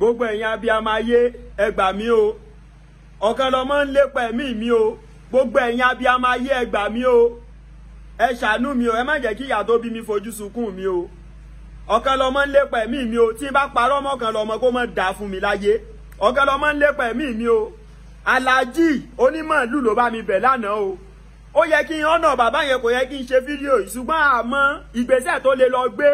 gbogbo ẹ̀yin abiyamọ ayé ẹ gbà o ọ̀kan lọ́mọ ń lépa ẹ̀mí mi o gbogbo ẹ̀yin abiyamọ ayé ẹ gbà mí o ẹ ṣàánú mi o ẹ má jẹ́ kí ìyá tó bí mi fojú sunkún mi o ọ̀kan lọ́mọ ń lépa ẹ̀mí mi o tí n bá parọ́ mọ́ ọ̀kan lọ́mọ kó mọ̀ dà fún mi láyé ọ̀kan lọ́mọ ń lépa ẹ̀mí mi o aláàjì onímọ̀ọ́lù ló bá mi bẹ̀ lánàá o ó yẹ kí n ọ̀nà bàbá yẹn kò yẹ kí n ṣe fídíò yìí àmọ́ ìgbésẹ̀ tó lè lọ gbé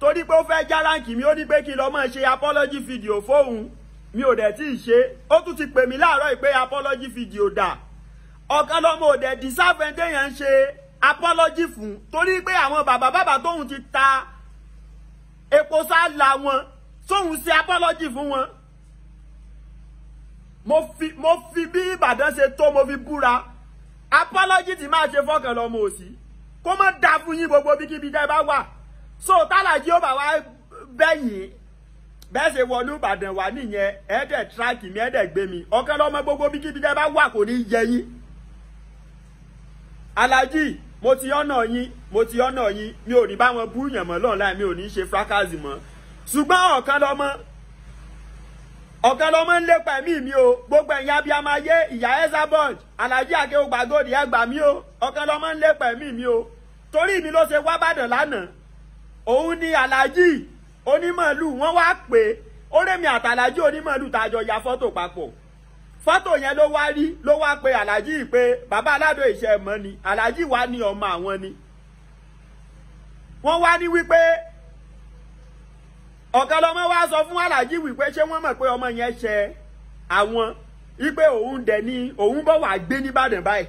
torí pé ó fẹ́ já ráǹkì mi ó ní pé kí n lọ máa ṣe apology video fóun mi ò dẹ̀ tí ì ṣe ó tún ti pè mí láàárọ̀ ìpè apology video dà ọ̀kan lọ́mọ ò dẹ̀ deserve ẹni ń ṣe apology fún torí pé àwọn bàbá bàbá tóun ti ta epo sálà wọn tóun ṣe apology fún wọn mo fi bí Ìbàdàn ṣe tó mo fi búra apology ti máa ṣe fọkàn òsì kó má dáa fún yín gbogbo bíkíbi dá bá wà so tálàjì ó bá wá bẹ́yìn bẹ́ẹ̀ ṣe wọnú ìbàdàn wà nìyẹn ẹ̀ẹ́dẹ̀ tíráàkì mi ẹ̀ẹ́dẹ̀ gbé mi ọ̀kan lọ́mọ gbogbo bí kíbi tẹ́ bá wà kò ní yẹ yín alájì mo ti ọ̀nà yín mo ti ọ̀nà yín mi ò ní bá wọn bú yàn mọ́ lọ́nà mi ò ní ṣe fracas mọ́ ṣùgbọ́n ọ̀kan lọ́mọ ọ̀kan lọ́mọ ń lépa ẹ̀mí mi o gbogbo ẹ̀yin abiyamọ ayé ìyá Esabod alájì akéwògbàgòdì ẹgbàá mi o ọ̀kan lọ́mọ ń lépa ẹ̀mí mi o torí mi ló ṣe wá lánàá òun ni aláàjì onímọ̀lù wọ́n wá pé ó rèmi àtàlájì onímọ̀lù tàjọ ya fọ́tò papọ̀ fọ́tò yẹn ló wá rí ló wá pé aláàjì pé bàbá aládò ìṣe mọ́ ni aláàjì wá ní ọmọ àwọn ni wọ́n wá ní wípé ọ̀kan lọ́mọ wá sọ fún aláàjì wípé ṣé wọ́n mọ̀ pé ọmọ yẹn ṣe àwọn wípé òun dẹ̀ ni òun bọ̀ wá gbé nìbàdàn báyìí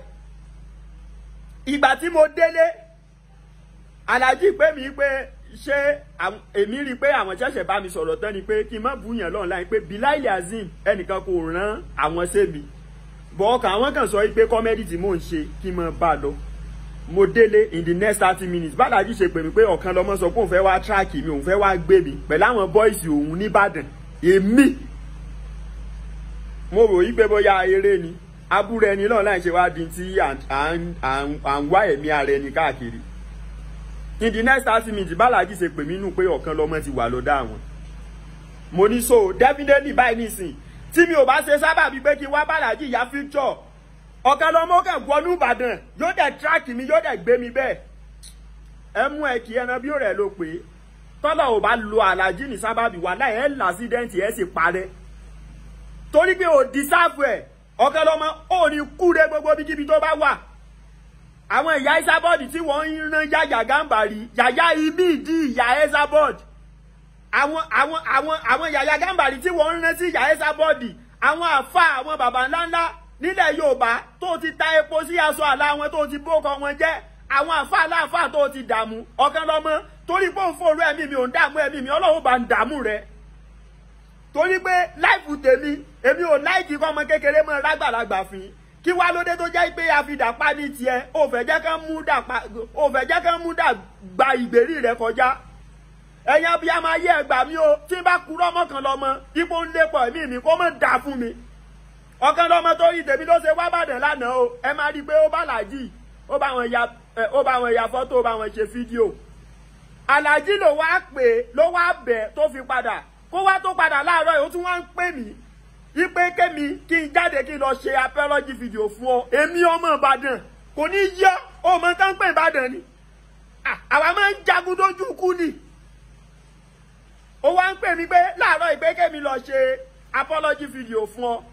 ìgbà tí mo délé aláàjì pé mi pé ṣé èmi rí i pé àwọn ṣẹ̀ṣẹ̀ bá mi sọ̀rọ̀ tán ni pé kí n má búyàn lọ́n láì pé Bilal Hazeem ẹnìkan kò rán àwọn sẹ́mi bọ́ọ̀kà àwọn kan sọ pé kọ́mẹ́dì tí mò ń ṣe kí n má bá a lọ mo délé in the next thirty minutes bàdájú ṣe pè mí pé ọ̀kan lọ́mọ sọ pé òun fẹ́ wá track mi òun fẹ́ wá gbé mi pẹ̀lú àwọn bọ́ìsì òun nìbàdàn èmi mo rò yí pé bóyá eré ni abúrẹ́ni lọ́n láì ṣe wá di ti à ń wá ẹ̀mí ara ẹni káàkiri in the next thirty minutes Balaji ṣe pè mí nù pé ọ̀kan lọ́mọ ti wà lọ́dọ̀ àwọn mo ní so definitely báyìí nísìn tí mi ò bá ṣe sábà bíi pé kí wá bálájì ìyá future ọ̀kan lọ́mọ kàn wọnú Ìbàdàn yóò dẹ̀ track mi yóò dẹ̀ gbé mi bẹ́ẹ̀ ẹ mú ẹ kí ẹran bí ó rẹ̀ ló pé tọ́lá ò bá lo aláàjì ní sábàbí wà láì ẹ̀ lásídẹ́ǹtì ẹ̀ sì parẹ́ torí pé ò dísáàfù ẹ̀ ọ̀kan lọ́mọ ò ní kúre gbogbo bíkíbi tó bá wà àwọn ìyá Esabod tí wọ́n ń rán yàyà Gàmbàrí yàyà ibi ìdí ìyá Esabod àwọn àwọn àwọn àwọn yàyà Gàmbàrí tí wọ́n ń rán sí ìyá Esabod àwọn àfa àwọn baba ńláńlá nílẹ̀ Yorùbá tó ti ta epo sí aṣọ àlà wọn tó ti bókọ wọn jẹ́ àwọn àfa aláàfà tó ti dààmú ọ̀kan lọ́mọ torí pé òun fòrò ẹ̀mí mi ò ń dààmú ẹ̀mí mi Ọlọ́run bá ń dààmú rẹ̀ torí pé láìfù tèmi èmi ò láìkí kọ́ ọmọ kékeré mọ́ rágbàlagbà fín kí wá lóde tó jẹ́ pé àfidàpá ní tiẹ̀ ò fẹ́ jẹ́ kán mú dàpá ò fẹ́ jẹ́ kán mú dàgbà ìgbèrí rẹ̀ kọjá ẹ̀yin abiyamọ ayé ẹgbà mi o tí n bá kúrọ́ mọ́kàn lọ́mọ ipò ń lépọ̀ ẹ̀mí mi kó mọ̀ dà fún mi ọ̀kan lọ́mọ tó yí tèmi ló ṣe wá bàdàn lánàá o ẹ máa rí i pé ó bá làájì ó bá wọn ya ó bá ya fọ́tò ó bá wọn ṣe fídíò aláàjì ló wá pè ló wá bẹ̀ tó fi padà kó wá tó padà láàárọ̀ yìí ó tún wá ń pè mí ipe kémi kí n jáde kí n lọ ṣe apẹ́lọ́jì fídíò fún ọ èmi ọmọ ìbàdàn kò ní yọ ọmọ tó ń pè ìbàdàn ni ah, àwa máa ń jagun dójú kú ni ó wá ń pè mí pé láàárọ̀ ìpè kémi lọ ṣe apẹ́lọ́jì fídíò fún ọ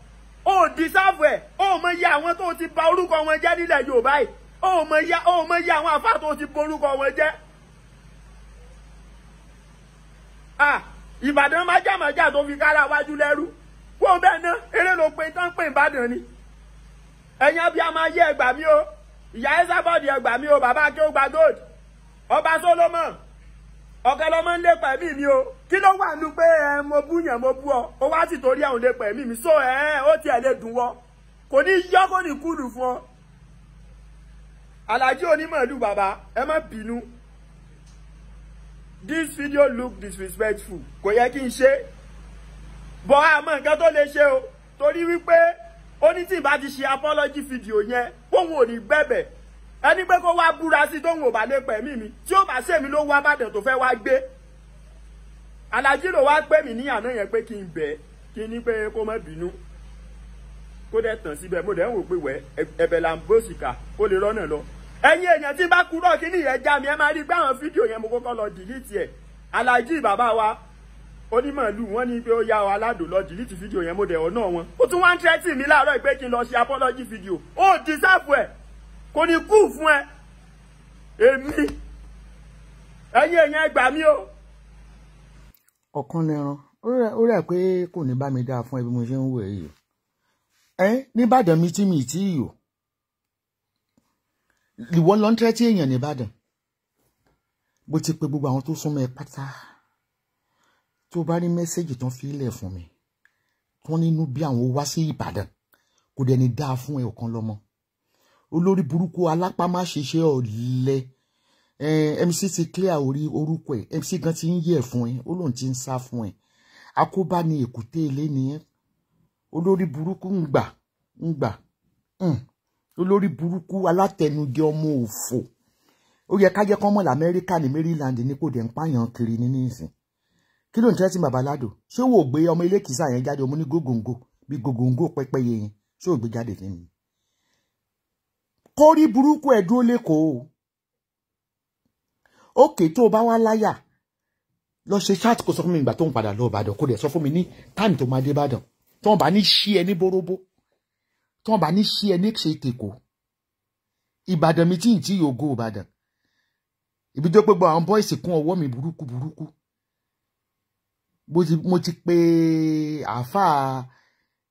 ó dísáàbù ẹ̀ ó mọ iye àwọn tó ti bà orúkọ wọn jẹ́ nílẹ̀ yorùbá yìí ó mọ iye ó mọ iye àwọn àfáà tó ti borúkọ wọn jẹ́ ah, ìbàdàn májàmájà tó fi kára wájú lẹ́rú. Ìbàdàn ni ẹ̀yin abiyamọ ayé ẹ gbà mí o ìyá Ẹsábọ̀dì ẹ gbà mí o bàbá Akéwùgbà gold ọba Solomon ọ̀kẹ́ lọ́mọ ń lépa ẹ̀mí mi o kí ló wà nínú pé ẹ mo bú yàn mo bú ọ ó wá sì torí ẹ̀hún lépa ẹ̀mí mi so ẹ ó tiẹ̀ lè dùn wọ kò ní yọ́ kò ní kúrú fún ọ Alhaji onímọ̀lú bàbá ẹ má bínú this video look disrespectful kò yẹ kí n ṣe bọ́ àmọ́ nǹkan tó lè ṣe o torí wípé ó ní tí ìbá ti ṣe apology video yẹn póun ò ní gbẹ̀bẹ̀ ẹni pé kó wá búra sí tóun ò bá lè pẹ̀mí mi tí ó bá sèmi ló wá bàdàn tó fẹ́ wá gbé alájí ló wá pè mí ní àná yẹn pé kí n bẹ̀ kí ní pé kó má bínú kó dẹ̀ tàn síbẹ̀ mo dẹ̀ ń wò pé wẹ́ ẹ̀bẹ̀ là ń bó sìkà kó lè rọ́nà lọ ẹ̀yin èèyàn tí bá kúrò kí nìyẹn já mi ẹ máa rí gbé àwọn fídíò yẹn mo kọ́kọ́ lọ dìlítì ẹ̀ alájí bàbá wa onímọ̀lú wọn ní pé ó yá ọ aládùn lọ dìlítì fídíò yẹn mo dẹ̀ ọ̀nà wọn. ó tún wá ń tẹ́tì mi láàárọ̀ ìpè kí n lọ ṣe apology fídíò ó ti sáàpù ẹ̀ kò ní kú fún ẹ èmi ẹ̀yin èèyàn ẹ gbà mí o. ọ̀kan lẹ́ran ó rẹ̀ pé kò ní bá mi dáa fún ẹ bí mo ṣe ń wò ẹ́ yìí ẹ nìbàdàn mi tí mi tí ì yò ìwọ lọ ń tẹ́tì èèyàn nìbàdàn bó ti pe gbogbo àwọn tó súnmọ́ ẹ pátá tí o bá rí mẹ́sẹ́jì tán fi ilẹ̀ fún mi tán nínú bí àwọn wá sí Ìbàdàn kò dẹ̀ ní dáa fún ẹ ọ̀kan lọ́mọ olórí burúkú alápá má ṣiṣẹ́ ọ̀lẹ MC ti clear orí orúkọ ẹ MC gan ti ń yẹ̀ fún ẹ ó lóun ti ń sá fún ẹ akóbá ni èkúté ilé nìyẹn olórí burúkú ń gbà ń gbà hmm. olórí burúkú alátẹnujẹ ọmọ òfò ó yẹ ká jẹ́ kọ́mọ̀lá Amẹ́ríkà ní Maryland ní kò dẹ̀ ń pààyàn kiri ní nísìn kí ló ń tẹ́tí bàbá ládò ṣé wò ó gbé ọmọ ilé kìsà yẹn jáde ọmọ ní gògòǹgò bí gògòǹgò pẹ́pẹ́ yẹn ṣé ò gbé jáde fún mi. kórí burúkú ẹ̀ dúró lẹ́kọ̀ọ́ òkè tó o bá wá láyà lọ ṣe ṣáàtì kó sọ fún mi ìgbà tó ń padà lọ Ìbàdàn kó dẹ̀ sọ fún mi ní táàmì tó máa dé Ìbàdàn tí wọ́n bá ní ṣí ẹ ní bóróbó tí wọ́n bá ní ṣí ẹ ní ṣe tèkó Ìbàdàn mi tí ì tí yóò go Ìbàdàn ìbí tó pé àwọn bọ́ìsì kún ọwọ́ mi burúkú burúkú mo ti mo ti pe àáfàá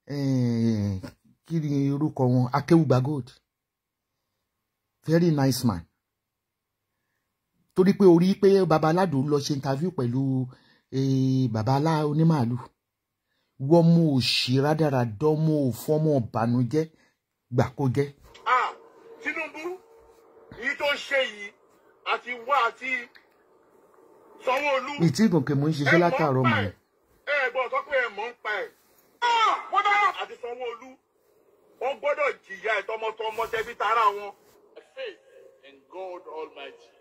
eh, kí orúkọ wọn akéwùgbà gold very nice man torí pé orí pé baba aládùn lọ ṣe interview pẹ̀lú eh, baba alá onímàálù wọ́n mú òṣì rádaràdán mú òfọ́mọ́ ọ̀bànújẹ́ gbàkójẹ́. Ah, Tinubu yìí tó ń ṣe yìí àti wá àti mi tí gòkè mò ń ṣiṣẹ́ látàárọ̀ mọ́ ẹ. ẹ sọ pé ẹ mọ̀ ń pa ẹ̀. wọ́n ah, dá àti sanwó-olú wọ́n gbọ́dọ̀ jìyà ẹ̀ tọmọtọmọ tẹbí tara wọn. My faith in God Almighty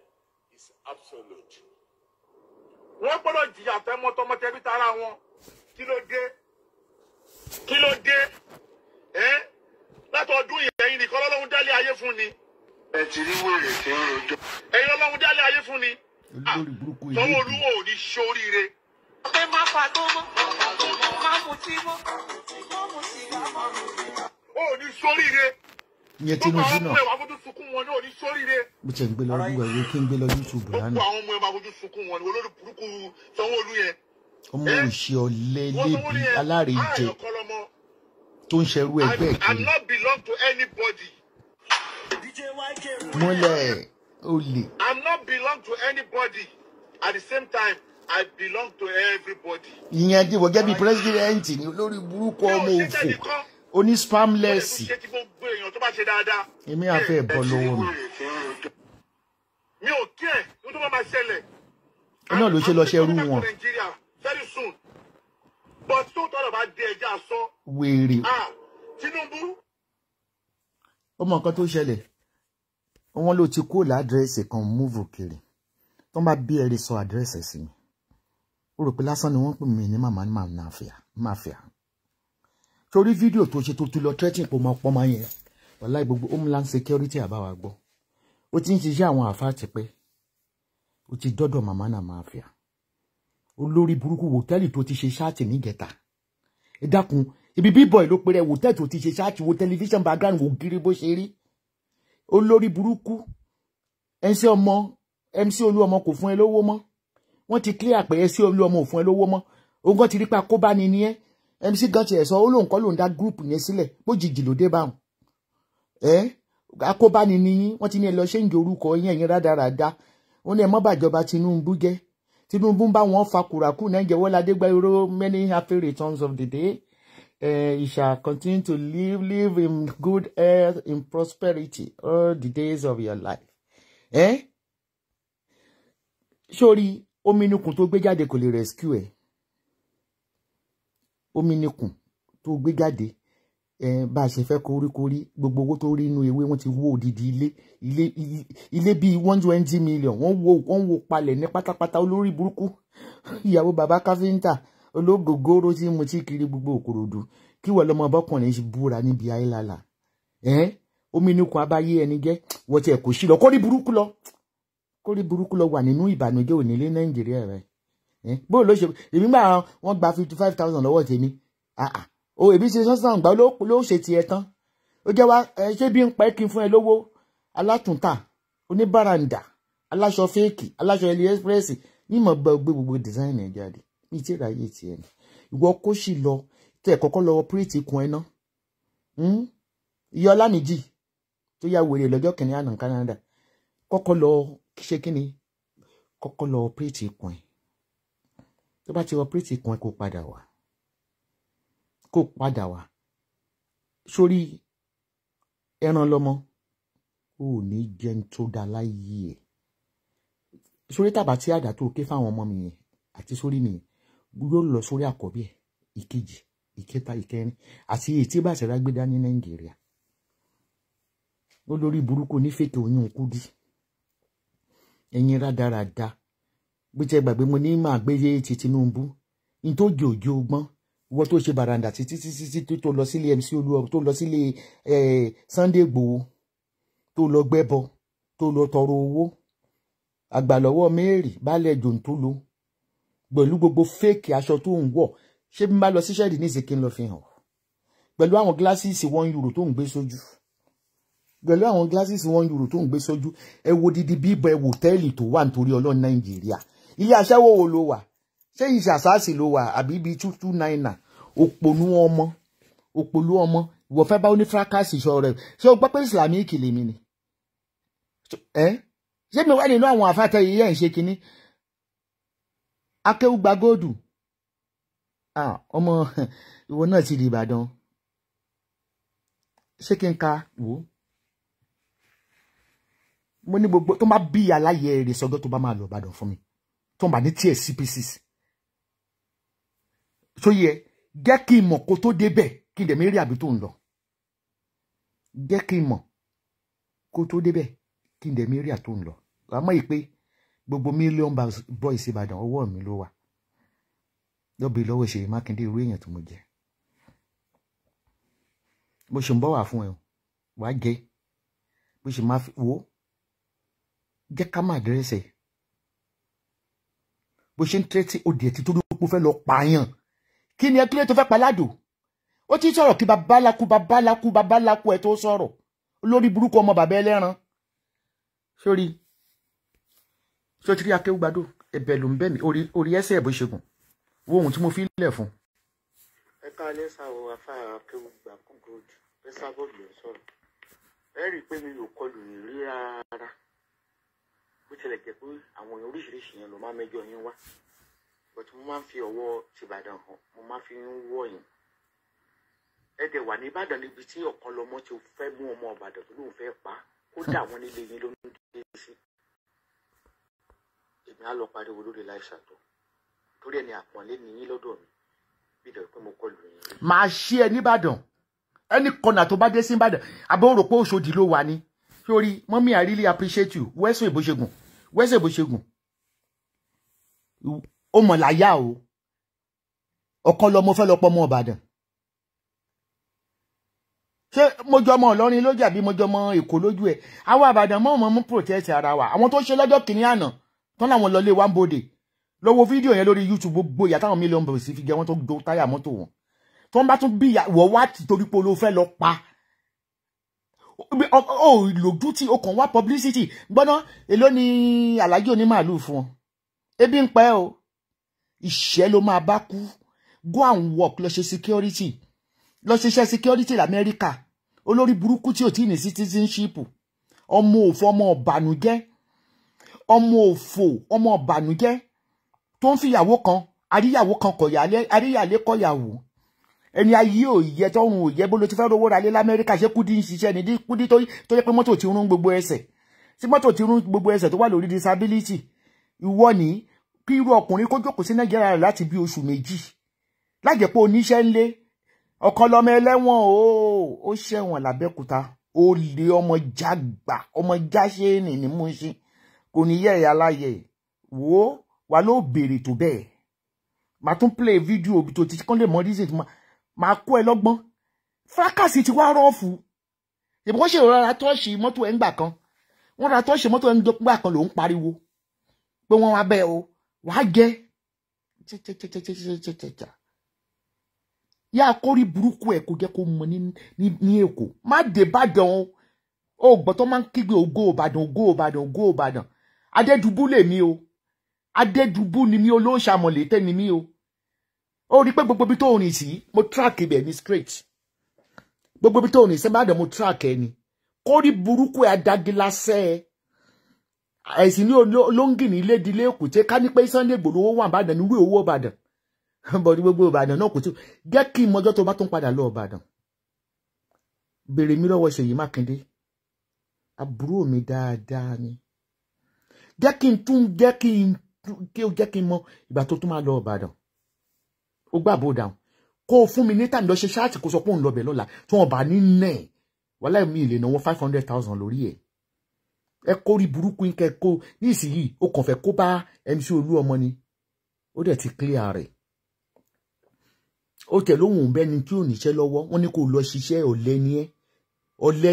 is absolute. wọ́n gbọ́dọ̀ jìyà tọmọtọmọ tẹbí tara wọn kí ló dé kí ló dé ẹ látọdún ìyẹn nìkan lọ́lọ́run dálé ayé fún ni. ẹ ti rí wèrè tí ń ẹ̀yin lọ́lọ́run dálé ayé fún ni tọwọ́ olúwo ò ní ṣoríire. ọ̀pẹ má fa tó mọ́ má mu tí mọ́ má mu tí mọ́. ó ní ṣoríire. ìyẹn tí mo jí náà bó ṣe ń gbé lọ lúwa yẹ kí n gbé lọ YouTube lánàá. gbogbo àwọn ọmọ ẹ máa fojú sunkún wọn ni olórí burúkú sanwó olú yẹn. ọmọ òṣì ọ̀lẹ lébi alárèéjẹ tó ń ṣerú ẹgbẹ́ kiri olè. I'm not belong to anybody at the same time I belong to everybody. ìyẹn ti wọ́n gẹ́bí pírẹ́sidẹ́ǹtì ni olórí burúkú ọmọ òfò oní spamlẹ́sì. èmi àfẹ́ ẹ̀bọ lọ́wọ́ mi. mi ò kí ẹ̀ ló tó bá máa ṣẹlẹ̀. iná ló ṣe lọ ṣe rú wọn. very soon but tó tọrọ bá dé ẹja sọ. wèrè. Ah, Tinubu. ó mọ nǹkan tó ṣẹlẹ̀ wọ́n ló ti kó ládírẹ́sì kan múvù kiri tó bá bí ẹ̀rí sọ àdírẹ́sì sí mi ó rò pé lásán ni wọ́n pè mí ní màmá ní màfíà torí fídíò tó ṣe tó ti lọ tẹ́tìn pọ̀ mọ́ pọ́nmọ́ yẹn wàláì gbogbo homeland security àbáwá gbọ́ ó ti ń ṣiṣẹ́ àwọn àfáà ti pẹ́ ó ti dọ́dọ̀ màmá náà màfíà olórí burúkú wòtẹ́ẹ̀lì tó ti ṣe ṣáàtì nígẹ̀ta ẹ dákun ibi bíbọ̀ ìlópẹ̀rẹ̀ wòtẹ́ẹ̀lì tó ti ṣe ṣáàtì wo tẹlifíṣàn background wò gírí bó ṣe rí olórí burúkú MC ọmọ MC Olúọmọ kò fún ẹ lówó mọ́ wọ́n ti clear pé MC Olúọmọ ò fún ẹ lówó mọ́ òun kan ti rí pa kó bá ni ní ẹ MC gan tiẹ̀ sọ ó lóun kọ́ lóun dá gúrùpù yẹn sílẹ̀ bójijì ló dé báwọn ẹ akóbáni nìyí wọ́n ti ní ẹ lọ ṣe ń jẹ orúkọ yẹn ẹ̀yin rádaràda ó ní ẹ mọ́ bàjọba Tinubu jẹ́ Tinubu bá wọn fa kùràkù náà jẹ́wọ́ ládégbà irọ́ many happy returns of the day uh, he shall continue to live, live in good health, in prosperity all the days of your life. Eh? Sori, omi nìkùn tó gbé jáde kò lè rescue ẹ. Omi nìkùn tó gbé jáde eh, ba a ṣe kori, koríkorí gbogbo owó tó rí inú ewé wọ́n ti wó odidi ilé ilé ilé bi one twenty million wọ́n wo wọ́n wó palẹ̀ ní pátápátá olórí burúkú ìyàwó Baba káfíńtà ológógóró tí mo ti kiri gbogbo òkòròdú kí wọ́n lọ́mọ bọ́kùnrin búra níbi ayélálà ẹ́n omi inúkun abáyé ẹni jẹ́ wọ́n ti ẹ̀kọ́ sí lọ kórí burúkú lọ kórí burúkú lọ wà nínú ìbànújẹ́ onílé nàìjíríà rẹ̀ bó ló ṣe èmi máa wọ́n gba fifty five thousand lọ́wọ́ tèmi àà o èmi ṣe sọ́sàn gbà ló ṣe tiẹ̀ tán ó jẹ́ wá ṣé bí ń pẹ́ kí n fún ẹ lówó alátùntà oníbàràǹdà aláṣọ fẹ́ẹ̀kì aláṣọ ẹlẹ́ẹ̀sì ní mọ̀ gbẹ gbogbo design ẹ̀ jáde mi ti ráyè tiẹ̀ ni ìwọ kó sì lọ tẹ̀ kọ́kọ́ lọ ọpírẹ́tì kun ẹ ná hmm? ìyá ọlámìjì tó yá wèrè lọ́jọ́ kìnínní àná Canada kọ́kọ́ lọ ṣe kí ni kọ́kọ́ lọ ọpírẹ́tì kun ẹ tó bá ti ọpírẹ́tì kun ẹ kó padà wá kó padà wá sórí ẹran lọmọ ò ní jẹun tó da láyé ẹ sórí tàbá tí àdá tó ké fáwọn ọmọ mi yẹn àti sórí mi yẹn yóò lọ sórí àkọ́bí ẹ̀ ìkejì ìkẹta ìkẹrin àti èyí tí bàṣẹ́ra gbé dání nàìjíríà olórí burúkú ní fèkè oyún kúdú ẹ̀yin rádaràda bó jẹ́ gbàgbé mo ní máa gbé yé ti Tinubu ní tó jẹ́ òjò ọgbọ́n wọ́n tó ṣe bàràǹdà títí títí títí tó lọ sílé MC Olúwa tó lọ sílé Sunday Igboho tó lọ gbẹ́bọ tó lọ tọrọ owó àgbàlọ́wọ́ Mary balẹ̀ jòǹtó lo pẹ̀lú gbogbo fake aṣọ tó ń wọ̀ ṣé bí n bá lọ sí ṣẹ́ẹ̀dì ní ìsìnkí ń lọ fi hàn pẹ̀lú àwọn gíláṣíìsì one euro tó ń gbé sójú pẹ̀lú àwọn gíláṣíìsì one euro tó ń gbé sójú ẹ wo didi bíbọ ẹ wò tẹ́ẹ̀lì tó wà nítorí ọlọ́run nàìjíríà ilé aṣẹ́wó wo ló wà ṣé ìṣe àṣàṣì ló wà àbí ibi two two nine nine òpònú ọmọ òpònú ọmọ ìwọ fẹ́ bá onífrákàsì ìṣọ́ rẹ ṣé o gbọ́ pé ìsìlámì ìkìlì mi ni ẹ ṣé mi wá nínú àwọn àfáàtẹ yìí yẹn ń ṣe kinní akéwù gba góòdù ah, ọmọ ìwọ náà ti di Ìbàdàn ṣé kí n ka wò ó mo ní gbogbo tó má bí aláyẹ èrè sọgbọ́n tó bá máa lọ Ìbàdàn fún mi tó má ní tiẹ̀ cpcs tó yẹ jẹ́ kí n mọ̀ kó tó débẹ̀ kí n dẹ̀ mi rí àbí tó ń lọ jẹ́ kí n mọ̀ kó tó débẹ̀ kí n dẹ̀ mi rí àtó ń lọ àmọ́ ìpè gbogbo million boys ìbàdàn ọwọ́ mi ló wà lọ́bì lọ́wọ́ Ṣèyí Mákindé irú èèyàn tó mo jẹ́ bó ṣe ń bọ̀ wá fún ẹ wàá jẹ bó ṣe máa fi wo jẹ́ ká má dẹ́rẹ́sẹ̀ bó ṣe ń tẹ́tí odi ẹ̀ tí tó dúró pé fẹ́ lọ pààyàn kí ni ẹ kílẹ̀ tó fẹ́ paládò ó ti sọ̀rọ̀ kí babaláku babaláku babaláku ẹ tó sọ̀rọ̀ olórí burúkú ọmọ bàbá ẹlẹ́ran sórí ṣé o ti rí akéwúgbàdo ẹ̀bẹ̀ ló ń bẹ̀ mí orí ẹsẹ̀ ẹbọ ìṣègùn wo ohun tí mo fi lẹ̀ fún. ẹ ká lè ṣàwọ afárá akéwúgbà kúndùn ẹ sábọọlù ẹ sọ̀rọ̀ ẹ rí i pé mi ò kọlù yìí rí rárá bó tilẹ̀ jẹ́ pé àwọn èèyàn oríṣiríṣi yẹn ló máa mẹ́jọ yín wá but mo máa ń fi ọwọ́ tìbàdàn hàn mo máa fi ń wọ̀ yín ẹ dẹ̀ wà ní ìbàdàn níbi tí ọ̀kan lọmọ ti fẹ́ mú ọmọ ìbàdàn tó lóun fẹ́ pa kódà wọn nílé yín ló ń dé sí èmi á lọ pariwo lórí láìsà tó torí ẹni àpọ́nlé ni yín lọ́dọ̀ mi bí ìdọ̀ pé mo kọ lù yín. màá ṣe ẹ nìbàdàn ẹni kọnà tó bá dé sí ìbàdàn àbọ̀ rò pé Òṣòdì ló wà ní sórí mọ́mí I really appreciate you wẹ́sùn ìbòṣègùn wẹ́sùn ìbòṣègùn ó mọ̀ láyà o ọ̀kan lọmọ fẹ́ lọ pọ̀ mọ́ Ìbàdàn ṣé mo ọmọ Ìlọrin lójú àbí mo ọmọ Èkó lójú ẹ̀ àwa Ìbàdàn mọ́ ọmọ mú protest ara wa àwọn tó ṣe lọ́jọ́ kìnínní àná tán láwọn lọlé wa ń bòde lọ wo fídíò yẹn lórí youtube gbogbo ìyá táwọn mílíọ̀n bẹ̀rẹ̀ sí fi jẹ wọ́n tó do táyà mọ́tò wọn tó ń bá tún bí ìyàwó wá torí pé olówó fẹ́ lọ pa ó lòdù tí o kàn wá publicity gbọ́ná èló ni alájò ní màálùú fún ọ ebi ń pẹ́ o ìṣẹ́ ló máa bá kú go and work lọ ṣe security lọ ṣiṣẹ́ security lamẹ́ríkà olórí burúkú tí ò tí ì ní citizenship ọmọ òfò ọmọ ọ̀bànújẹ́ ọmọ òfò ọmọ ọ̀bànújẹ́ tó ń fìyàwó kan aríyàwó kan kọ̀yàlé aríyàlé kọ̀yàwó ẹni ayé ò yẹ tọrùn ò yẹ bó ló ti fẹ́ rówó ra lé l'Amẹ́ríkà ṣé Kúdí ń ṣiṣẹ́ ni Kúdí tó yẹ pé mọ́tò ti rún gbogbo ẹsẹ̀ tí mọ́tò ti rún gbogbo ẹsẹ̀ tó wà lórí disability ìwọ ni kí irú ọkùnrin kó jókòó sí Nàìjíríà rẹ̀ láti bí oṣù méjì lájẹ̀ pé oníṣẹ́ ńlé ọ̀kan lọ́mọ ẹlẹ́wọ̀n o ó ṣẹ̀wọ̀n l'Abẹ́òkúta ó lé ọmọ jágbà ọmọ jáṣẹ́ẹ̀nì ní Mùṣín oníyẹ̀rẹ̀ aláyẹ̀ wo wa ló béèrè tó bẹ́ẹ̀ màá tún play video òbí tó ti kán lè mọ reason màá kó ẹ lọ́gbọ́n fracasi ti wá rọ́ọ̀fù ìbí wọ́n ṣe ìrora tọ́ọ̀ṣì mọ́tò ẹ̀ ń gbà kan wọ́n ra tọ́ọ̀ṣì mọ́tò ẹ̀ ń gbà kan lòún pariwo pé wọ́n wá bẹ́ẹ̀ o wàá jẹ́ tẹ́tẹ́tẹ́tẹ́tẹ́tẹ́tẹ́tẹ́tẹ́ yá kórí burúkú ẹ̀ kò jẹ́ kó mọ ní Èkó má adédùbú lèmi o adédùbú ni mi o ló ń ṣàmọ̀létẹ́ ni mi o ó rí pé gbogbo ibi tó rìn sí mo track ibẹ̀ ní straight gbogbo ibi tó rìn sí má dẹ̀ mo track ẹ ni kó rí burúkú ẹ adágilásẹ́ ẹ ẹ̀sìn ní olóńgì ní ilé ìdílé èkúté ká ní pé Sunday Igboho owó wà bàdàn nírú owó bàdàn bọ̀dí gbogbo ìbàdàn náà kò tí jẹ́ kí n mọjọ́ tó bá tún padà lọ ìbàdàn béèrè mi lọ́wọ́ Ṣèyí Mákindé àbúrò mi dáadáa ni jẹ́ kí n tún jẹ́ kí n kí o jẹ́ kí n mọ ìgbà tó tún máa lọ Ìbàdàn ó gbà bó dáhùn kó o fún mi ní tàbí lọ ṣe ṣáàtì kó sọ pé òun lọ bẹ̀ lọ́la tí wọ́n bá ní nẹ̀ wàhálà mi lè náwó five hundred thousand lórí ẹ̀ ẹ kó rí burúkú kẹ kó ní ìsinyìí o kàn fẹ́ kó bá MC Olúọmọ ni ó dẹ̀ ti clear rẹ̀ ó tẹ̀ lóhùn bẹ́ni tí ò níṣẹ́ lọ́wọ́ wọ́n ní kó lọ ṣiṣẹ́ ọ̀lẹ ni ẹ́ ọ̀lẹ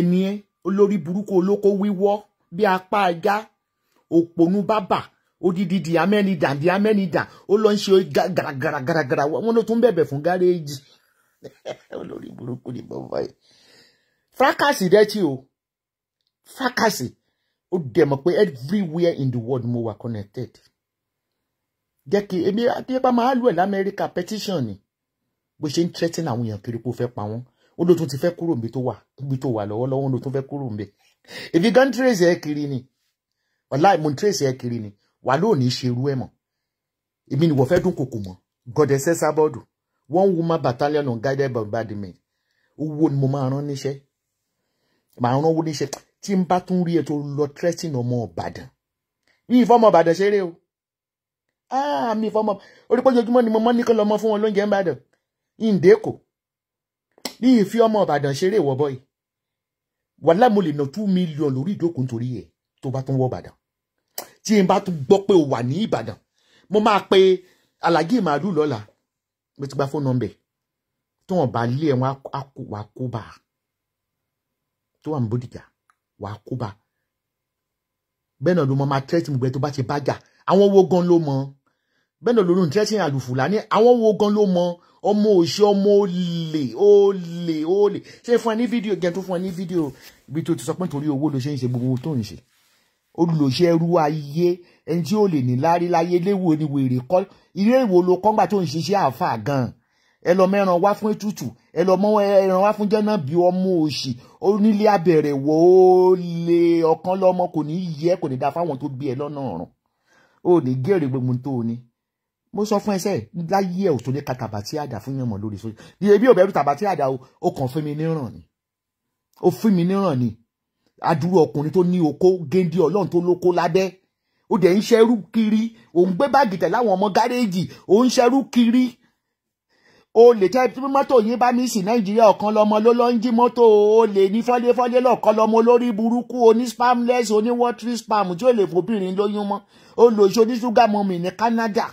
olórí burúkú olóko wíwọ́ bí apá ajá òpònú bábà odidi di amẹ́nidà di amẹ́nidà ó lọ ń ṣe gàràgàràgàràgàrà wọn ló tún bẹ̀bẹ̀ fún gáréèjì olórí burúkú ni bàbá yìí fracasi dẹ́ o fracasi ó dẹ̀ mọ̀ pé everywhere in the world mo wà connected jẹ́ kí èmi àti bá máa lù ẹ̀ lamẹ́ríkà petition ni bó ṣe ń threaten àwọn èèyàn kiri kó fẹ́ pa wọ́n ó ló tún ti fẹ́ kúrò níbi tó wà lọ́wọ́lọ́wọ́ ó ló tún fẹ́ kúrò níbi èmi gan trace ẹ kiri ni ọláì mo ń tírèsì ẹ ni wà lóòní ṣerú ẹ mọ èmi ni wọ́n fẹ́ dún kòkò mọ́ gọdẹsẹ sábọọdù one woman battalion on guided bombardment owó ni mo máa rán níṣẹ́ màá rán owó níṣẹ́ tí n bá tún rí ẹ tó lọ tírẹsìn ọmọ ọbàdàn ní ìfọmọ ọbàdàn ṣeré o ah, mi ìfọmọ orípọjọjúmọ ni mo mọ ní kí lọmọ fún wọn lóúnjẹ ń bàdàn ìǹdẹkọ ní ìfi ọmọ ọbàdàn ṣeré ìwọ bọyì wàhálà mo lè ná two million lórí ìjókòó nítorí ẹ tó bá tún wọ ọbàdàn tí n bá tún gbọ́ pé o wà ní Ìbàdàn mo máa pe Alhaji Màálù lọ́la mo ti gba fóònù nọ́mbẹ̀ tí wọ́n bá lé ẹ̀ wá kó bá tó wà ní Bódìjà wà á kó bá bẹ́ẹ̀ náà ló mọ máa tẹ́tí mu gbẹ tó bá ti bá jà àwọn wo gan ló mọ bẹ́ẹ̀ náà ló lóun tẹ́tí àlùfùlání àwọn wo gan ló mọ ọmọ òṣì ọmọ olè olè olè ṣé fún ẹ ní fídíò gẹ tó fún ẹ ní fídíò ibi tó ti sọ pé nítorí owó ló ṣe ń ṣe gbogbo tó ń ṣe olùlòṣẹ́rú ayé ẹni tí ó lè ní lárí láyé léwo ni wèrè kọ́ ilé ìwò ló kọ́ngbà tó ń ṣiṣẹ́ àáfàá gan-an ẹ lọ mẹ́ran wá fún ètùtù ẹ lọ mọ́ ẹran wá fún jẹ́nà bí ọmọ òṣì onílé abẹ̀rẹ̀ wọ ó lé ọkàn lọ́mọ kò ní yẹ kò ní da fáwọn tó bí ẹ lọ́nà ọ̀run ó ní gẹ́rẹ́ gbogbo tó ní mo sọ fún ẹsẹ̀ láyé ẹ̀ ò ní ka tàbátí àdá fún yànmọ́ lórí sóyè ní ebi ò bẹ̀rù tàbátí àdá o kàn fún mi níràn ni ó fún mi níràn ni adúrú ọkùnrin tó ní oko géńdé ọlọ́run tó lóko lábẹ́ ó dẹ̀ ń ṣẹ́rú kiri òun gbé báàgì tẹ̀ láwọn ọmọ gáréèjì ó ń ṣẹ́rú kiri o lè tẹ́ tí mọ́tò yín bá mi sí nàìjíríà ọ̀kan lọ́mọ ló lọ́ ń jí mọ́tò o lè ní fọ́léfọ́lé lọ́ọ̀kan lọ́mọ olórí burúkú oní spamless oní watery spam tí ó lè fòbìnrin lóyún mọ́ o lò ṣe oní ṣúgà mọ́mì ní Canada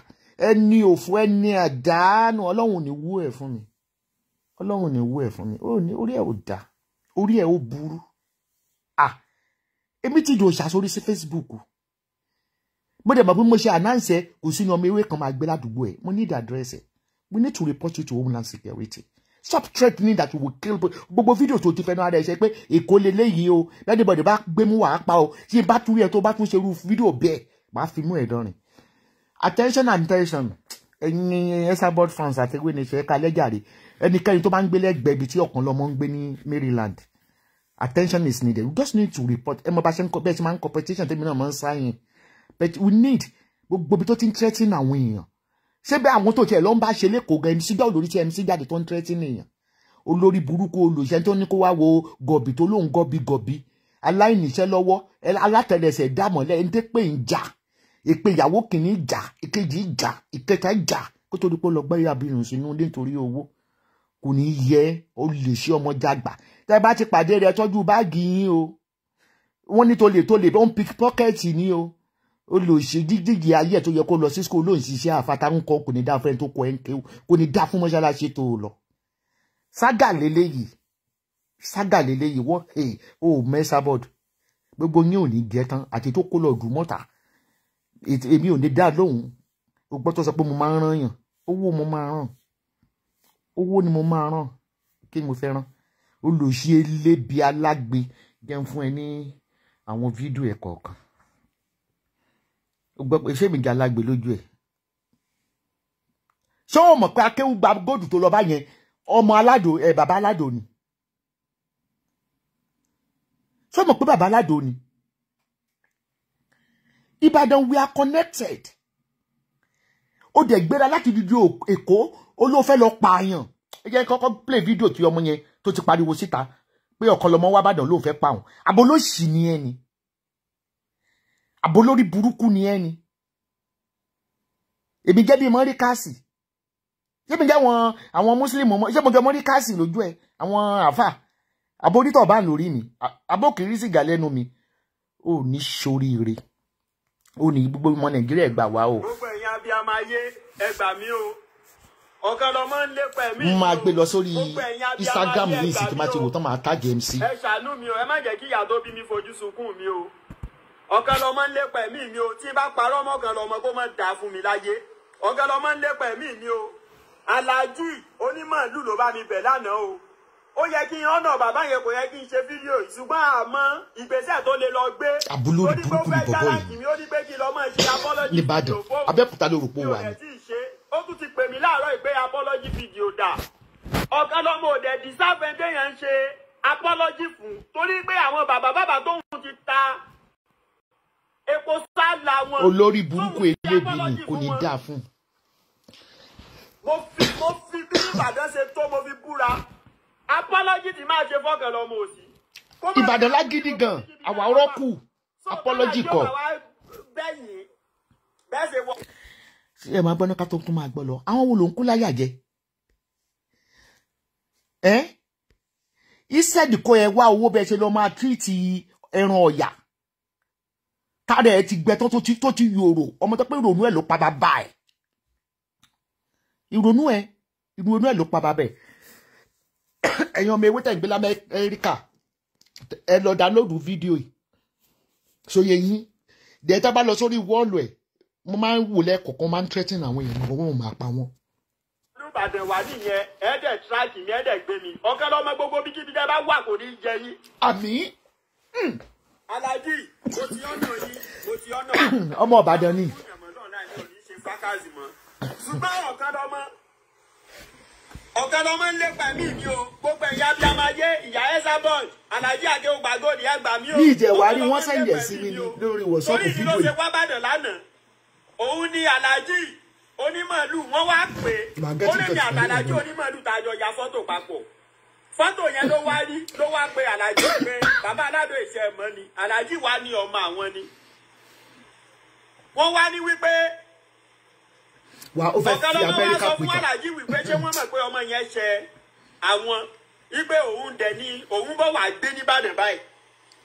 ẹni òfò ẹni àdánù ọlọ́run ní wú ẹ̀ fún mi ọlọ́run ní wú ẹ̀ fún mi orí ẹ̀ ò dá orí ẹ̀ ò burú èmi ti jò ṣàṣorí sí Facebook mo dẹ̀ mọ̀ bí mo ṣe ànáǹsẹ̀ kò sínú ọmọ ewé kan máa gbé ládùúgbò ẹ̀ mo need address ẹ̀ we need to report you to Homeland Security stop threatening that you will kill gbogbo video to ti fẹnu ara ẹ ṣe pé èkó leléyìí o lẹ́dìbọ̀dì bá gbé mú wàá pa o tí bá tún rí ẹ tó bá tún ṣe irú fídíò bẹ́ẹ̀ fi mú ẹ dánrin attention and attention ẹ̀yin Esabod fans àti ewé nation ẹ̀ka lẹ́jàre ẹnikẹ́ni tó bá ń gbé lẹ́gbẹ̀ẹ́ ibi tí ọ̀kan lọ́mọ ń gbé ní Maryland attention is needed we just need to report ẹ mọ bá ṣe ń kọ bẹ́ẹ̀ ṣe máa ń kọ but we need gbogbo ibi tó ti threatening àwọn èèyàn ṣé bẹ́ẹ̀ àwọn tó tiẹ̀ lọ ń bá ṣe lẹ́kọ̀ọ́ gan MC jáde lórí tí MC jáde tó ń threatening èèyàn olórí burúkú olùṣẹ́ tó ní kó wá wo gọ̀bì tó lóun gobi gọ̀bì aláìníṣẹ́ lọ́wọ́ alátẹ̀lẹsẹ̀ dámọ̀lẹ́ ẹni tẹ́ pé ń jà èpè ìyàwó kìíní jà ìkejì jà ìkẹta ja kó tó di pé ó lọ gbẹ́rẹ́ abirùn sínú nítorí owo kò ní yẹ ó lè ṣe ọmọ jàgbà tẹ́ bá ti pàdé rẹ̀ tọ́jú báàgì yín o wọ́n ní tolè tolè ó pick pocket ni o ó lò ṣe dídíje ayé ẹ̀ tó yẹ kó lọ sí school ló ń ṣiṣẹ́ àfatarúnkọ kò ní dá fẹ́ni tó kọ ẹ̀ ń kéwù kò ní dá fún mọ́ṣáláṣí tó lọ ságà lélẹ́yìí ságà lélẹ́yìí wọ́n hey o mẹ́sàbọ̀d gbogbo yín ò ní jẹ́ tán àti tó kó lọ dùn mọ́ta èmi ò ní dá lóhùn o gbọ́ sọ pé mo máa ń ràn yàn owó mo máa ràn owó ni mo máa ràn kí ni mo fẹ́ ràn olùṣí elébi alágbe jẹ́ ń fún ẹ ní àwọn fídíò ẹ̀ kọ̀ọ̀kan o gbọ́ pé ṣé mi ga alágbe lójú ẹ̀ ṣé o mọ̀ pé akéwù gba góòdù tó lọ bá ọmọ aládò ẹ bàbá aládò ni ṣé o mọ̀ pé bàbá aládò ni Ìbàdàn we are connected ó dẹ̀ gbéra láti dídí Èkó ó ló fẹ́ lọ pààyàn ẹ jẹ́ kọ́kọ́ play fídíò tí ọmọ yẹn tó ti pariwo síta pé ọ̀kan lọmọ wá bàdàn ló fẹ́ pa òun àbò ló sì ni ẹ ni àbò lórí burúkú ni ẹ ni èmi jẹ́ bí mọ́ríkàsì ṣébi jẹ́ àwọn àwọn mùsùlùmí mọ́ ṣé mo jẹ́ mọ́ríkàsì lójú ẹ àwọn àfà àbórítọ̀ bá lórí mi àbókiri sìgá lẹ́nu mi ò ní ṣoríire ó ní gbogbo ọmọ nàìjíríà ẹgbà wá o. gbogbo ẹ̀yin abiyamọ ẹgbà mí o n máa gbé lọ sórí instagram yìí sì tí máa ti wò tán máa tag MC. ẹ ṣàánú mi o ẹ má jẹ́ kí ìyá tó bí mi fojú sunkún mi o ọ̀kan lọ́mọ ń lépa ẹ̀mí mi o tí bá parọ́ mọ́ ọ̀kan lọ́mọ kó má dà fún mi láyé ọ̀kan lọ́mọ ń lépa ẹ̀mí mi o aláàjì onímọ̀lù ló bá mi bẹ̀ lánàá o ó yẹ kí n ọ̀nà bàbá yẹn kò yẹ kí n ṣe fídíò ṣùgbọ́n àmọ́ ìgbésẹ̀ tó lè lọ gbé àbúlórí burúkú ni bọ̀bọ̀ yìí ó tún ti pè mí láàárọ̀ ìpè apology video dà ọ̀kan lọ́mọ òde deserve ẹni téèyàn ń ṣe apology fún torí pé àwọn bàbá bàbá tóun ti ta epo sá la wọn. olórí burúkú eléèbí kò ní dáa fún. mo fi mo fi bí Ìbàdàn ṣe tó mo fi búra apology ti máa ṣe fọkàn lọ́mọ òsì. Ìbàdàn lágídí gan àwa ọ̀rọ̀ kù apology kọ. bẹ́ẹ̀ ṣe wọ ṣé ẹ máa gbọ́ náà ká tó tún máa gbọ́ lọ àwọn wo ló ń kú láyà jẹ ẹ ìṣẹ́dì kó ẹ wá owó bẹ́ẹ̀ ṣe lọ máa tírìtì ẹran ọ̀yà tààrẹ ẹ ti gbẹ tó ti tó ti yòrò ọmọ tó pé ìrònú ẹ ló pa bàbá ẹ ìrònú ẹ ìrònú ẹ ló pa bàbá ẹ ẹ̀yin ọmọ ewé tẹ̀gbẹ́ lamẹ́ríkà ẹ lọ dánlóòdù fídíò yìí ṣòye yín dẹ́ẹ́ bá lọ sórí wọ́ọ̀lù ẹ̀ mo máa ń wò lẹ́kọ̀ọ̀kan máa ń threatening àwọn èèyàn gbogbo wọn máa pa wọn. olùbàdàn wà nìyẹn ẹ̀ẹ́dẹ̀ tíráìkì mi ẹ̀ẹ́dẹ̀ gbé mi ọ̀kẹ́ lọ́mọ gbogbo bí kíbi dẹ́ bá wà kò ní í jẹ yín. àmì. Hmm. alájí mo ti ọ̀nà yín mo ti ọ̀nà. ọmọ ìbàdàn ni. ṣùgbọ́n ń lépa mí mi o gbogbo ẹ̀yà abiamayé ìyá ẹ̀sà bọ́ọ̀d alájí àgéwògbàgòdì ẹgbàá mi o. ní ìjẹ̀wárí wọ́n sẹ̀yìn sí mi lórí wọ̀sọ́ọ̀kù fídíò yìí. torí ìdílọ́sẹ̀ wábàdàn lánàá òun ni aláàjì onímọ̀lù wọ́n wá pé ó lè ní àtàlájì onímọ̀lù tàjọ ya fọ́tò papọ̀ fọ́tò yẹn ló wá rí ló wá pé aláàjì pé bàbá aládò ìṣe ẹ̀mọ́ ni aláàjì wá ní ọmọ àwọn ni wọ́n wá ní wípé wà ó fẹ́ fi Amẹ́ríkà pè jà ọ̀kan lọ́wọ́ wá sọ fún aláàjì wípé ṣé wọ́n mọ̀ pé ọmọ yẹn ṣe àwọn wípé òun dẹ̀ ní òun bọ̀ wá gbé nìbàdàn báyìí.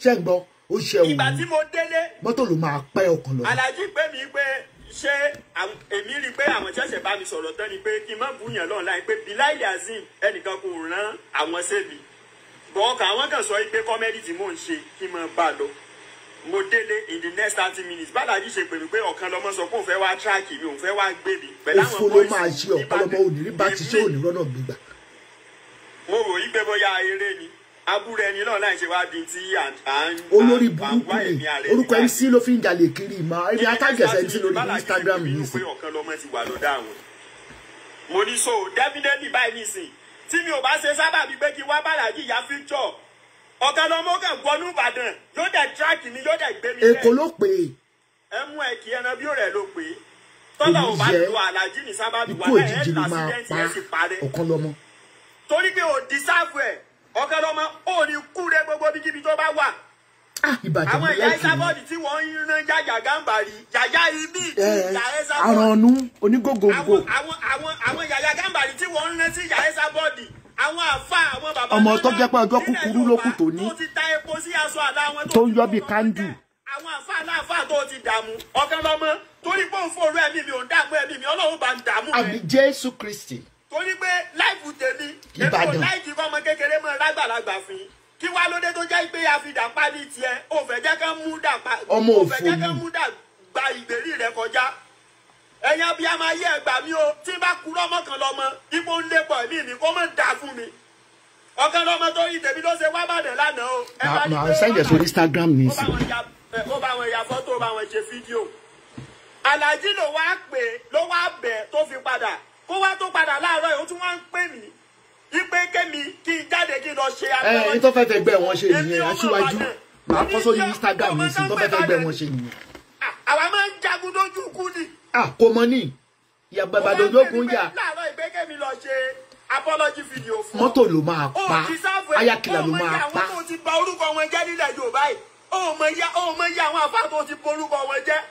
ṣé ń gbọ́ ó ṣe òun ìgbà tí mo délé mọ́tò ló máa pẹ́ ọkàn lọ. aláàjì pé mi pé ṣé èmi rí i pé àwọn ṣẹ̀ṣẹ̀ bá mi sọ̀rọ̀ tán ni pé kí n má bú yàn lọ́nà láì pé Bilal Hazeem ẹnìkan kò rán àwọn sẹ́bi bọ́ọ̀kà àwọn kan sọ pé kọ́mẹ́dì tí mò ń ṣe kí n máa bá lọ mo délé in the next thirty minutes bàdàjì ṣe pè mí pé ọ̀kan lọ́mọ sọ pé òun fẹ́ wá tíráàkì mi òun fẹ́ wá gbé mi pẹ̀lú ló máa ṣe ọ̀pọ̀lọpọ̀ òní rí bá ti ṣe òní rọ́nà gbígbà. mo rò pé bóyá eré ni abúrò ẹni náà láì ṣe wá di tí à ń olórí burúkú ni orúkọ mc ló fi ń jalè kiri ìmọ̀ ẹni atágẹ̀sẹ̀ mc lórí instagram yìí sí. mo ní so definitely báyìí nìsín tí mi ò bá ṣe sábà bíi pé kí wá bàlájì ìyá fíjọ ọ̀kan lọ́mọ kàn gbọ́nú ìbàdàn yóò dẹ̀ tíráàkì mi yóò dẹ̀ gbé mi. èkó ló pè é. ẹ mú ẹ kí ẹran bí òrẹ ló pè é tọ́lá ò bá lo àlàjì ní sábà bíi wà láì ẹ̀ lásìdẹ́ǹtì ẹ̀ sì parẹ́. ọ̀kan lọ́mọ. torí pé ò dísáàfù ẹ̀ ọ̀kan lọ́mọ ò ní kú rẹ gbogbo ibikíbi tó bá wà ah, àwọn ìyá ìsábọ́ọ̀dì tí wọ́n ń rán jàjà gàmbàrí yàyà ibi eh, ìyá ìsábọ́ọ̀dì àrànú onígògògò àwọn yàyà gàmbàrí tí wọ́n ń rán sí ìyá ìsábọ́ọ̀dì àwọn àfa àwọn bàbá ọmọ tó jẹ́ pé ọjọ́ kúkúrú ló kù tó ní tó ń yọ bí kándù àwọn àfa aláàfáà tó ti dààmú ọ̀kan lọ́mọ torí pé òun fòrò ẹ̀mí mi ò ń dààmú ẹ̀mí mi ọlọ́run bá ń dààmú rẹ̀. àbí Jésù Kristi torí pé láìfù tèmi èmi ò láìkí ọmọ kékeré mọ́ lágbàlagbà fún yín kí wá lóde tó jẹ́ pé àfidàpá ní tiẹ̀ ò fẹ́ jẹ́ kán mú dàpá ò fẹ́ jẹ́ kán mú dàgbà ìgbèrí rẹ̀ kọjá ẹ̀yin abiyá máa yẹ ẹgbà mi o tí bá kúrọ́ ọmọ kan lọ́mọ ipò ń lépọ̀ mí mi kó mọ̀ dà fún mi ọ̀kan lọ́mọ tó yí tèmi ló ṣe wá bàdàn lánàá o. màá sẹ́yìn Instagram ní ìsìn. ó bá wọn ya fọ́tò ó bá wọn ṣe fídíò kó wá tó padà láàárọ̀ yìí ó tún wá ń pè mí ipe kémi kí n jáde kí n lọ ṣe eh, abẹ́rẹ́. ẹ ẹ tó fẹ́ẹ́ fẹ́ gbẹ́ wọn ṣe nìyẹn aṣíwájú màá kọ́ sórí Instagram mi sí tó fẹ́ẹ́ fẹ́ gbẹ́ wọn ṣe nìyẹn. àwa máa ń jagun lójú kú ni. à kò mọ ní ìyàgbọ́ ìbàdàn ojú òkun yà. láàárọ̀ ìpè kémi lọ ṣe apology video fún. mọ́tò ló máa pa ayakìlà ló máa pa. o ti ba orúkọ wọn jẹ́ nílẹ̀ Yorùbá yìí o mọ iye o mọ iye àwọn àfáà tó ti borúkọ wọn jẹ́.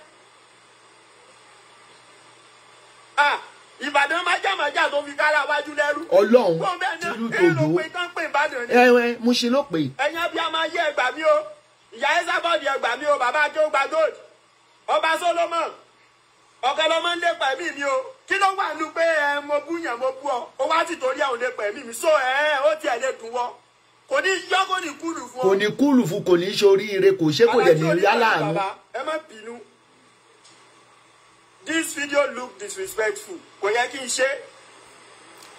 Ah ìbàdàn májàmájà tó fi kára wájú lẹ́rú. ọlọ́run tìlú tòjú ẹwẹ mo ṣe ló pè. ẹ̀yin abiyamọ ayé ẹgbà mi o ìyá ẹsàbọọdì ẹgbà mi o bàbá akéwò gba gold ọba solomon ọkọlọmọ ń lépa ẹ̀mí mi o kí ló wà nù pé ẹ mo bú yàn mo bú ọ ó wá sì torí ẹ ò lépa ẹ̀mí mi so ẹ ó tiẹ̀ lè dùn wọ kò ní yọ kò ní kúlù fún. kò ní kúlù fún kò ní ṣoríire kò ṣe kò dẹ̀ ní yálà àánú. ẹ má bínú this video look disrespectful kò yẹ kí n ṣe.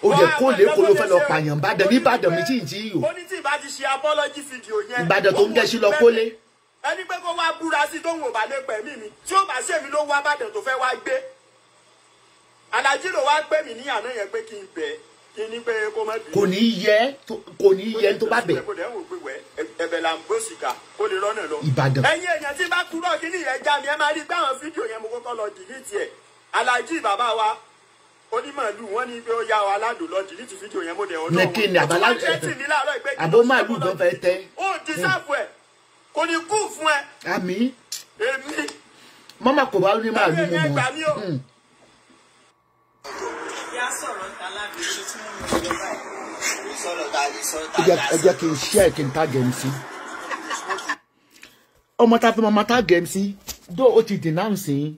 ó yẹ kó lè kó ló fẹ́ lọ pààyàn bàdàn nìbàdàn mi tí ì jí yò. ó ní tí ìbá ti ṣe apology video yẹn. ìbàdàn tó ń gẹ́sí lọ kólé. ẹni pé kó wá búra sí tó ń wò bá lè pẹ̀mí mi tí ó bá ṣèmi ló wá bàdàn tó fẹ́ wá gbé. alájí ló wá gbé mi ní àná yẹn pé kí n bẹ̀ẹ́ kò ní yẹ kò ní yẹ tó bá bẹ̀. ìbàdàn. ẹ̀yin èèyàn tí bá kúrò kí ni ìyẹn já mi ẹ máa rí gbàwọn fídíò yẹn mo kọ́kọ́ lọ dìlítì ẹ̀ alájí bàbá wa onímọ̀lú wọn ní pé ó yá wa ládùn lọ dìlítì fídíò yẹn mo dẹ̀ ọdún wọn. nìkíni àbálá àbó màálù gan fẹ́ tẹ́. ó ti sáàpù ẹ kò ní kú fún ẹ. àmín. mọ́mà kò bá ní màálù mu mọ́ ẹ jẹ́ kí n ṣí ẹ̀ kí n tag MC ọmọ tá a fi máa tag MC dó ó ti denounce yín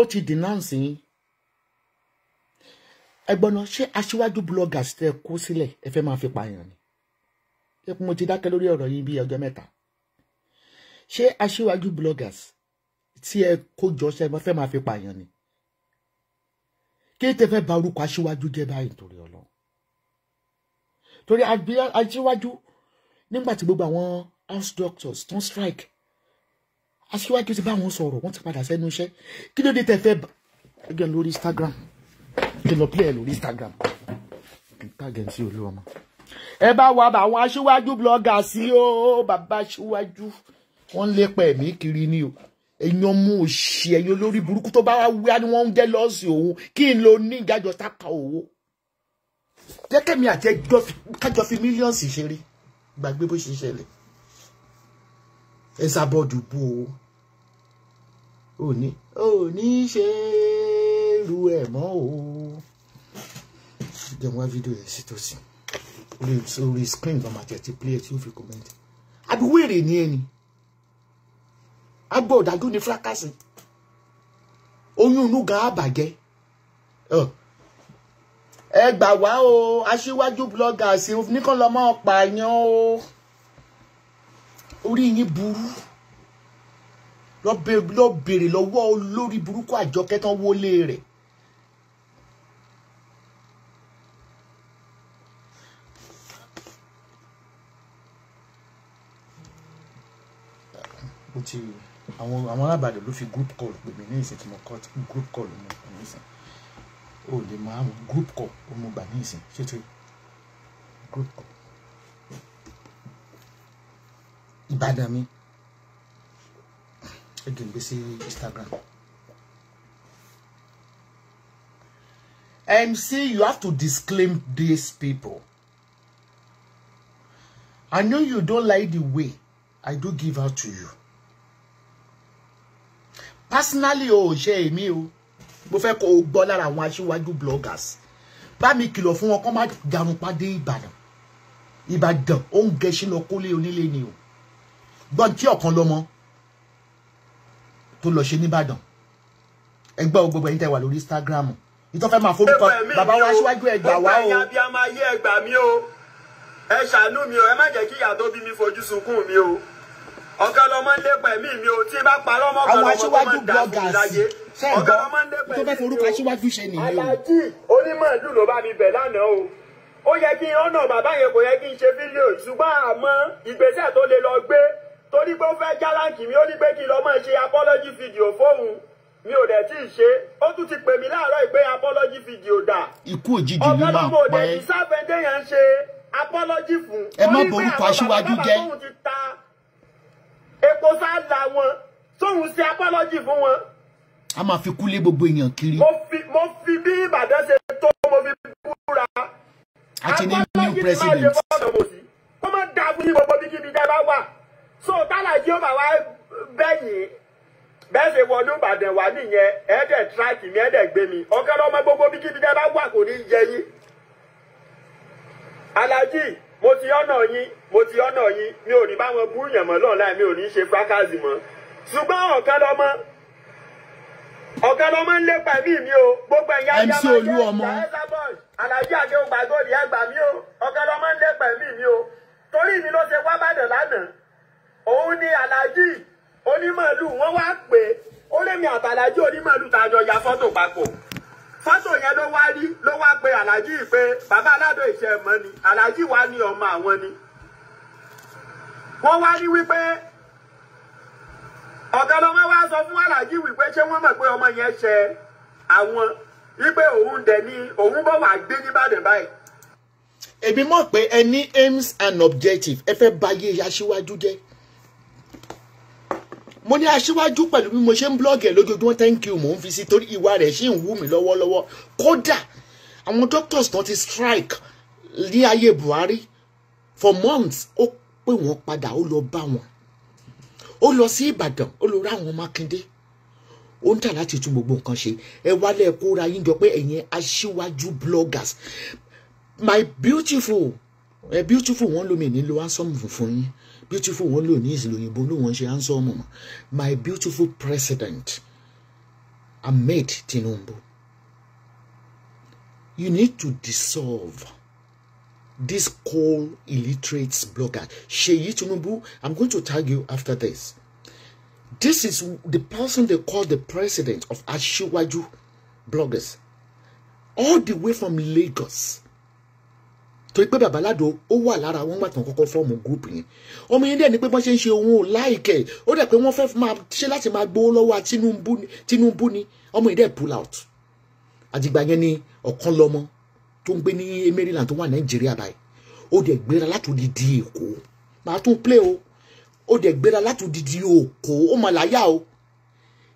ó ti denounce yín ẹgbọ́n náà ṣé aṣíwájú bloggers tẹ kó sílẹ̀ ẹ fẹ́ máa fi pààyàn ni ṣé mo ti dákẹ́ lórí ọ̀rọ̀ yín bíi ọjọ́ mẹ́ta ṣé aṣíwájú bloggers tí ẹ kó jọ ṣe fẹ́ máa fi pààyàn ni kí tẹ fẹ́ ba orúkọ aṣíwájú jẹ́ báyìí torí ọlọ́run torí aṣíwájú nígbà tí gbogbo àwọn house doctors tán strike aṣíwájú ti bá wọn sọ̀rọ̀ wọ́n ti padà sẹ́nu iṣẹ́ kí ló dé tẹ fẹ́ ba ẹgẹ lórí Instagram kí lọ play ẹ lórí Instagram ntàgẹ̀ sí olú ọmọ ẹ bá wa bá àwọn aṣíwájú blogger sí o bàbá aṣíwájú wọ́n lépa ẹ̀mí kiri ni o èèyàn mú òṣì ẹ̀yìn olórí burúkú tó bá wá wíwá ni wọ́n ń jẹ́ lọ́ọ̀sì òun kí n lo ní ìdájọ́ táka owó jẹ́kẹ̀mí àti ẹjọ́ kájọ fi mílíọ̀nsì ṣeré gbàgbé bó ṣe ṣẹlẹ̀ ẹ sábọ́ọ̀dù bú o ò ní ṣe ru ẹ̀ mọ́ o jẹ́ wá fídíò yẹn sí tòsí orí screen lọ́mọ àti ẹ̀ ti play ẹ̀ tí ó fi comment àbí wèrè ni ẹni agbọ́ ọ̀dájú ní fúrákàsì oyún inú gan àbàjẹ́ ẹ gbà wá o aṣíwájú blọgà sí nìkan lọ́mọ pààyàn o orí yín burú lọ bèrè lọ́wọ́ olórí burúkú àjọkẹ́ tán wọlé rẹ̀. Continue àwọn àwọn alábàdàn ló fi group call pè mí ní ìsìn tí mo cut group call mo gbà ní ìsìn o lè máa mú group call o mo gbà ní ìsìn ṣé tí group call ìbàdàn mi ẹ jẹ́ n gbé sí Instagram. MC, you have to disclaim these people. I know you don't like the way I do give out to you personally o ṣe èmi o mo fẹ́ kó o gbọ́ lára àwọn aṣíwájú bloggers bá mi kìlọ̀ fún wọn kó má garun padé ìbàdàn ìbàdàn ó ń gẹ sínú kólé onílé ni o gbọ́n tí ọ̀kan lọ́mọ tó lọ ṣe nìbàdàn ẹgbẹ́ o gbogbo ẹ̀yin tẹ́ wà lórí instagram ìtọ́ fẹ́ máa forúkọ bàbá wa aṣíwájú ẹgbà wá o ẹ ṣàánú mi o ẹ má jẹ́ kí ìyá tó bí mi fojú sunkún mi o ọ̀gá lọ́mọ ń lépa ẹ̀mí mi ò tí bá parọ́ mọ́ ọ̀gá lọ́mọ tó máa ń dà sí láyé ọ̀gá lọ́mọ ń lépa ẹ̀mí mi ò tó bẹ́ẹ̀ forúkọ aṣíwájú ṣe nìyẹn o. aláàjì onímọ̀ọ́dún ló bá mi bẹ̀ lánàá o ó yẹ kí ọ̀nà bàbá yẹn kò yẹ kí n ṣe fídíò ṣùgbọ́n àmọ́ ìgbésẹ̀ tó lè lọ gbé torí pé ó fẹ́ jáláǹkì mi ó ní pé kí n lọ máa ṣe apology video fóun mi ò dẹ̀ tí ì ṣe ó tún ti pè mí láàárọ̀ ìpè apology video dà. ikú òjijì ló máa pa ẹ́ ọ̀gá ló mọ̀ ọ́ dẹ̀ ìsáfẹ́dẹ́yàn apology fún. ẹ má borúkọ aṣíwájú jẹ́. ó ní pé epo sáàlà wọn tóun ṣe apọ́lọ́jì fún wọn. a máa fi kúlé gbogbo èèyàn kiri. mo fi bí Ìbàdàn ṣe tó mo fi búra. a ti ní new president. wọ́n máa da fún gbogbo bíkíbi dá wà so tálàjì ó bá wá bẹ́yìn bẹ́ẹ̀ ṣe wọnú Ìbàdàn wà nìyẹn ẹ̀ẹ́dẹ̀ tíráàkì mi ẹ̀ẹ́dẹ̀ gbé mi ọ̀gá ọmọ gbogbo bíkíbi dá wà kò ní yẹ yín. Aláàjì mo ti ọ̀nà yín mo ti ọ̀nà yín mi ò ní báwọn búrúyàn mọ́ lọ́la mi ò ní ṣe fákàzì mọ́ ṣùgbọ́n ọ̀kan lọ́mọ ń lépa ẹ̀mí mi o gbogbo ẹ̀yà ẹ̀yà máa jẹ́ ìgbà alájí àdéhùn gbàgọ́dì àgbà mi o ọ̀kan ń lépa ẹ̀mí mi o torí mi ló ṣe wá bàdàn lánàá òun ni alájí onímọ̀lù wọ́n wá pé ó lémi àtàlájí onímọ̀lù tàjọ ya fọ́tò papọ̀ fọ́tò yẹn ló wá rí ló wá pe aláàjì pé bàbá aládò ìṣẹ́ mọ́ ni aláàjì wá ní ọmọ àwọn ni wọ́n wá rí wípé ọ̀gá lọ́mọ wá sọ fún aláàjì wípé ṣé wọ́n mọ̀ pé ọmọ yẹn ṣe àwọn wípé òun dẹ̀ ni òun bọ̀ wá gbé nìbàdàn báyìí. èmi mọ̀ pé ẹ ní aims and objectives ẹ fẹ́ báyé aṣíwájú jẹ́ mo ní aṣíwájú pẹ̀lú bí mo ṣe ń blọ́ọ̀gì ẹ̀ lójoojúmọ́ thank you mò ń fi sí torí ìwà rẹ̀ ṣì ń wú mi lọ́wọ́lọ́wọ́ kódà àwọn doctors náà ti strike ní ayé Buhari for months ó pè wọ́n padà ó lọ bá wọn ó lọ sí Ìbàdàn ó lọ rá àwọn Mákindé ó ń tà láti tún gbogbo nǹkan ṣe ẹ wálé kóra yín jọ pé ẹ̀yin aṣíwájú bloggers my beautiful ẹ beautiful wọn lómi ní lo handsome funfun yín beautiful wọn lò ní ìsìlò òyìnbó ló wọn ṣe handsome mọ my beautiful president Ahmed Tinubu you need to dissolve this call illiterate blogger Seyi Tinubu I'm going to tag you after this this is the person they call the president of Asiwaju bloggers all the way from Lagos torí pé bàbá ládò ó wà lára wọn gbà tán kọ́kọ́ fọ́ọ̀mù yẹn ọmọ yẹn dẹ̀ ni pé wọ́n ṣe ń ṣe òun ò láìkẹ́ ó dẹ̀ pé wọ́n fẹ́ máa ṣe láti máa gbowó lọ́wọ́ Tinubu ni Tinubu ni ọmọ yẹn dẹ̀ pull out àdìgbà yẹn ni ọ̀kan lọ́mọ tó ń gbé ní Maryland tó wà Nàìjíríà báyìí ó dẹ̀ gbéra láti odidi Èkó màá tún play o ó dẹ̀ gbéra láti odidi Èkó ó mà láyà o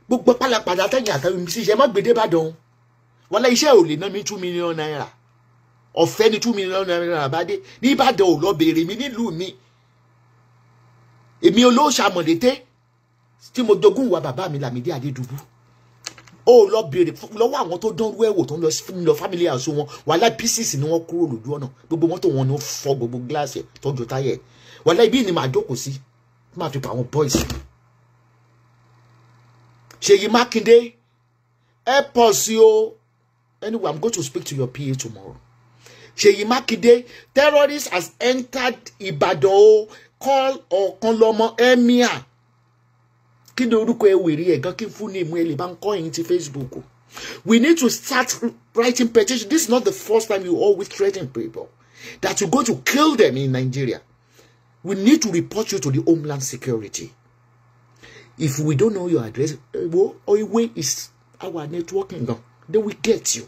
gbogbo pálapàdà tẹ̀yìn àtàwọn ìmísí iṣẹ́ má gbèdébàdàn wọlé iṣẹ́ ò lè ná mi two million naira ọ̀fẹ́ ni two million naira bá dé nìbàdàn ò lọ béèrè mi nílùú mi èmi olóòṣàmọ̀lété tí mo jogún ìwà bàbá mi Lámídì Adédùbú ó lọ béèrè lọ́wọ́ àwọn tó dánrú ẹ̀wò tó ń lọ family house wọn wàhálà pieces ni wọ́n kúrò lójú ọ̀nà gbogbo mọ́tò wọn ni ó fọ́ gbogbo gíláàsì ẹ̀ tọ́jú táyà ẹ̀ wàhálà ibi ni màá jókòó sí máa fi pa àwọn boys. Ṣèyí Mákindé airport sí o anyway I'm going to speak to your PA tomorrow. Ṣèyí Mákindé terrorists has entered Ìbàdàn o call Ọ̀kanlọ́mọ emir kí ni orúkọ ewèrè ẹ̀ gan kí fún ní ìmú ẹ lè bá ń kọ́ yín ti Facebook we need to start writing petition this is not the first time you always threaten people that you go to kill them in Nigeria we need to report you to the Homeland Security if we don't know your address ewo eh, oiwe is our networking gan they will get you.